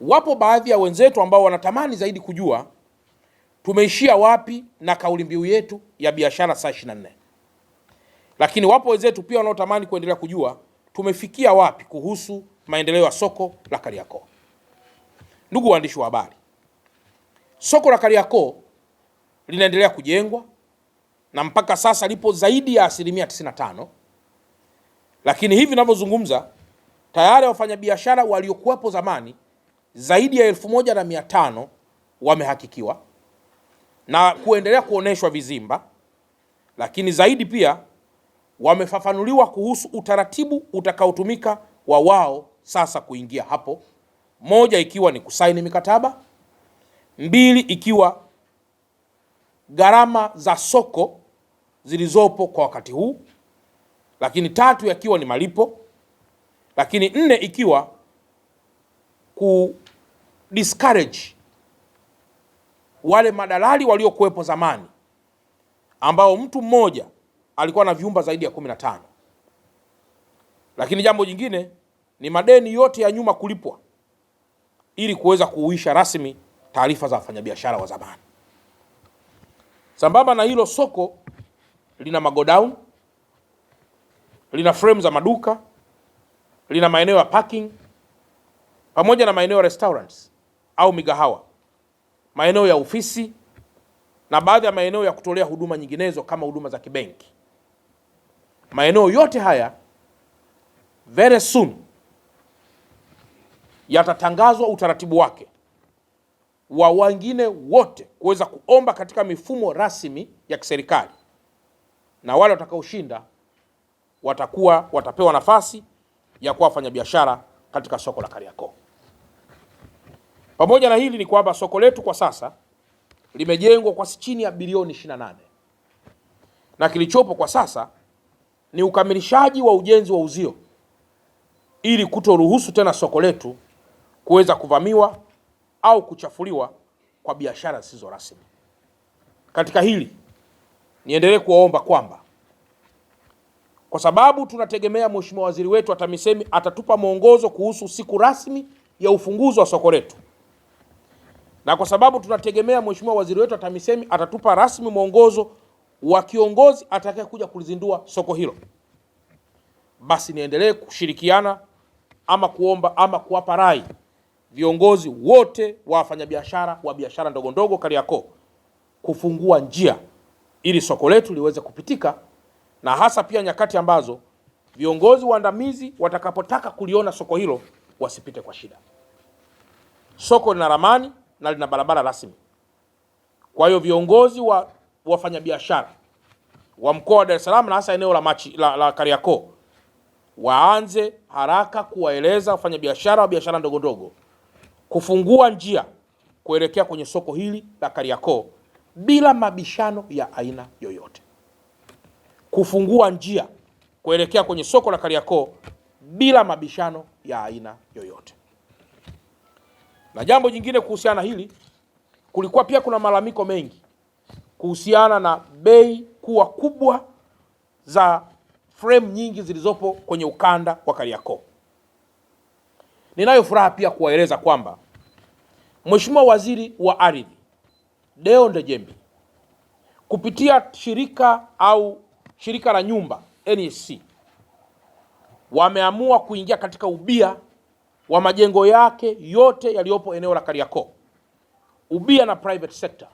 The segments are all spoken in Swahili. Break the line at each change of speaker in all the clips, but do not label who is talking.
Wapo baadhi ya wenzetu ambao wanatamani zaidi kujua tumeishia wapi na kauli mbiu yetu ya biashara saa 24, lakini wapo wenzetu pia wanaotamani kuendelea kujua tumefikia wapi kuhusu maendeleo ya soko la Kariakoo. Ndugu waandishi wa habari, soko la Kariakoo linaendelea kujengwa na mpaka sasa lipo zaidi ya asilimia 95, lakini hivi ninavyozungumza tayari wafanyabiashara waliokuwepo zamani zaidi ya elfu moja na mia tano wamehakikiwa na kuendelea kuonyeshwa vizimba, lakini zaidi pia wamefafanuliwa kuhusu utaratibu utakaotumika wa wao sasa kuingia hapo, moja ikiwa ni kusaini mikataba, mbili ikiwa gharama za soko zilizopo kwa wakati huu, lakini tatu yakiwa ni malipo lakini nne ikiwa ku discourage wale madalali waliokuwepo zamani ambao mtu mmoja alikuwa na vyumba zaidi ya kumi na tano. Lakini jambo jingine ni madeni yote ya nyuma kulipwa ili kuweza kuuisha rasmi taarifa za wafanyabiashara wa zamani. Sambamba na hilo, soko lina magodown, lina frame za maduka lina maeneo ya parking pamoja na maeneo ya restaurants au migahawa, maeneo ya ofisi na baadhi ya maeneo ya kutolea huduma nyinginezo kama huduma za kibenki. Maeneo yote haya very soon yatatangazwa utaratibu wake wa wengine wote kuweza kuomba katika mifumo rasmi ya kiserikali, na wale watakaoshinda watakuwa watapewa nafasi ya kuwa wafanyabiashara katika soko la Kariakoo. Pamoja na hili ni kwamba soko letu kwa sasa limejengwa kwa chini ya bilioni 28 na kilichopo kwa sasa ni ukamilishaji wa ujenzi wa uzio ili kutoruhusu tena soko letu kuweza kuvamiwa au kuchafuliwa kwa biashara zisizo rasmi. Katika hili niendelee kuwaomba kwamba kwa sababu tunategemea mheshimiwa waziri wetu wa TAMISEMI atatupa mwongozo kuhusu siku rasmi ya ufunguzi wa soko letu, na kwa sababu tunategemea mheshimiwa waziri wetu wa TAMISEMI atatupa rasmi mwongozo wa kiongozi atakayekuja kulizindua soko hilo, basi niendelee kushirikiana ama kuomba ama kuwapa rai viongozi wote wa wafanyabiashara wa biashara ndogo ndogo Kariakoo kufungua njia ili soko letu liweze kupitika na hasa pia nyakati ambazo viongozi waandamizi watakapotaka kuliona soko hilo wasipite kwa shida. Soko lina ramani na lina barabara rasmi. Kwa hiyo viongozi wa wafanyabiashara wa mkoa wa Dar es Salaam na hasa eneo la machi, la, la Kariakoo waanze haraka kuwaeleza wafanyabiashara wa biashara ndogo ndogo kufungua njia kuelekea kwenye soko hili la Kariakoo bila mabishano ya aina yoyote kufungua njia kuelekea kwenye soko la Kariakoo bila mabishano ya aina yoyote. Na jambo jingine kuhusiana hili, kulikuwa pia kuna malalamiko mengi kuhusiana na bei kuwa kubwa za frame nyingi zilizopo kwenye ukanda wa Kariakoo. Ninayo furaha pia kuwaeleza kwamba Mheshimiwa Waziri wa Ardhi Deo Ndejembi kupitia shirika au shirika la nyumba NSC e wameamua kuingia katika ubia wa majengo yake yote yaliyopo eneo la Kariakoo, ubia na private sector,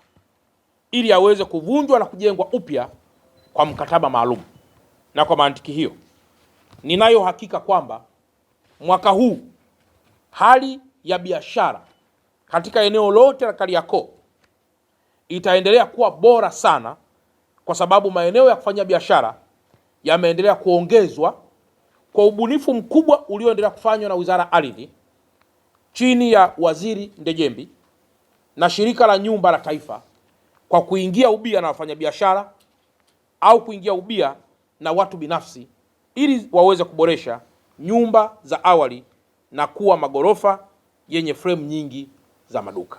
ili aweze kuvunjwa na kujengwa upya kwa mkataba maalum. Na kwa mantiki hiyo, ninayo hakika kwamba mwaka huu hali ya biashara katika eneo lote la Kariakoo itaendelea kuwa bora sana kwa sababu maeneo ya kufanya biashara yameendelea kuongezwa kwa ubunifu mkubwa ulioendelea kufanywa na Wizara ya Ardhi chini ya Waziri Ndejembi na Shirika la Nyumba la Taifa kwa kuingia ubia na wafanyabiashara au kuingia ubia na watu binafsi ili waweze kuboresha nyumba za awali na kuwa magorofa yenye fremu nyingi za maduka.